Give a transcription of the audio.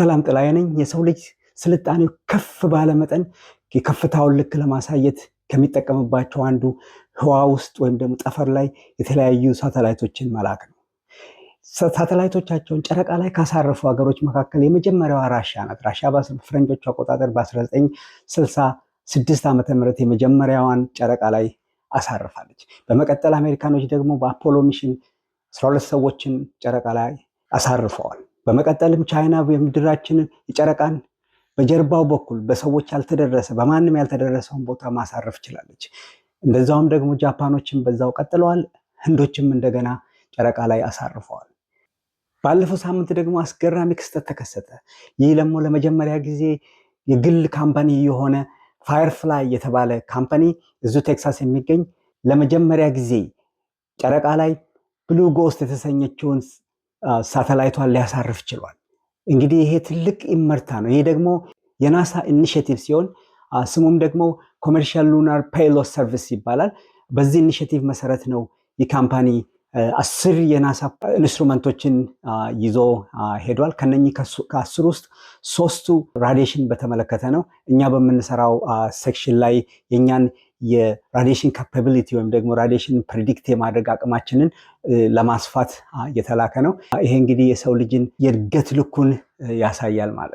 ሰላም ጥላዬ ነኝ። የሰው ልጅ ስልጣኔው ከፍ ባለ መጠን የከፍታውን ልክ ለማሳየት ከሚጠቀምባቸው አንዱ ህዋ ውስጥ ወይም ደግሞ ጠፈር ላይ የተለያዩ ሳተላይቶችን መላክ ነው። ሳተላይቶቻቸውን ጨረቃ ላይ ካሳረፉ ሀገሮች መካከል የመጀመሪያዋ ራሻ ናት። ራሻ በፈረንጆቹ አቆጣጠር በ1966 ዓ ም የመጀመሪያዋን ጨረቃ ላይ አሳርፋለች። በመቀጠል አሜሪካኖች ደግሞ በአፖሎ ሚሽን 12 ሰዎችን ጨረቃ ላይ አሳርፈዋል። በመቀጠልም ቻይና የምድራችንን የጨረቃን በጀርባው በኩል በሰዎች ያልተደረሰ በማንም ያልተደረሰውን ቦታ ማሳረፍ ችላለች። እንደዛውም ደግሞ ጃፓኖችም በዛው ቀጥለዋል። ህንዶችም እንደገና ጨረቃ ላይ አሳርፈዋል። ባለፈው ሳምንት ደግሞ አስገራሚ ክስተት ተከሰተ። ይህ ደግሞ ለመጀመሪያ ጊዜ የግል ካምፓኒ የሆነ ፋየርፍላይ የተባለ ካምፓኒ እዙ ቴክሳስ የሚገኝ ለመጀመሪያ ጊዜ ጨረቃ ላይ ብሉ ጎስት የተሰኘችውን ሳተላይቷን ሊያሳርፍ ችሏል። እንግዲህ ይሄ ትልቅ ይመርታ ነው። ይሄ ደግሞ የናሳ ኢኒሽቲቭ ሲሆን ስሙም ደግሞ ኮመርሻል ሉናር ፓይሎ ሰርቪስ ይባላል። በዚህ ኢኒሽቲቭ መሰረት ነው ይህ ካምፓኒ አስር የናሳ ኢንስትሩመንቶችን ይዞ ሄዷል። ከነኚህ ከአስር ውስጥ ሶስቱ ራዲሽን በተመለከተ ነው። እኛ በምንሰራው ሴክሽን ላይ የኛን የራዲሽን ካፓቢሊቲ ወይም ደግሞ ራዲሽን ፕሪዲክት የማድረግ አቅማችንን ለማስፋት እየተላከ ነው። ይሄ እንግዲህ የሰው ልጅን የእድገት ልኩን ያሳያል ማለት ነው።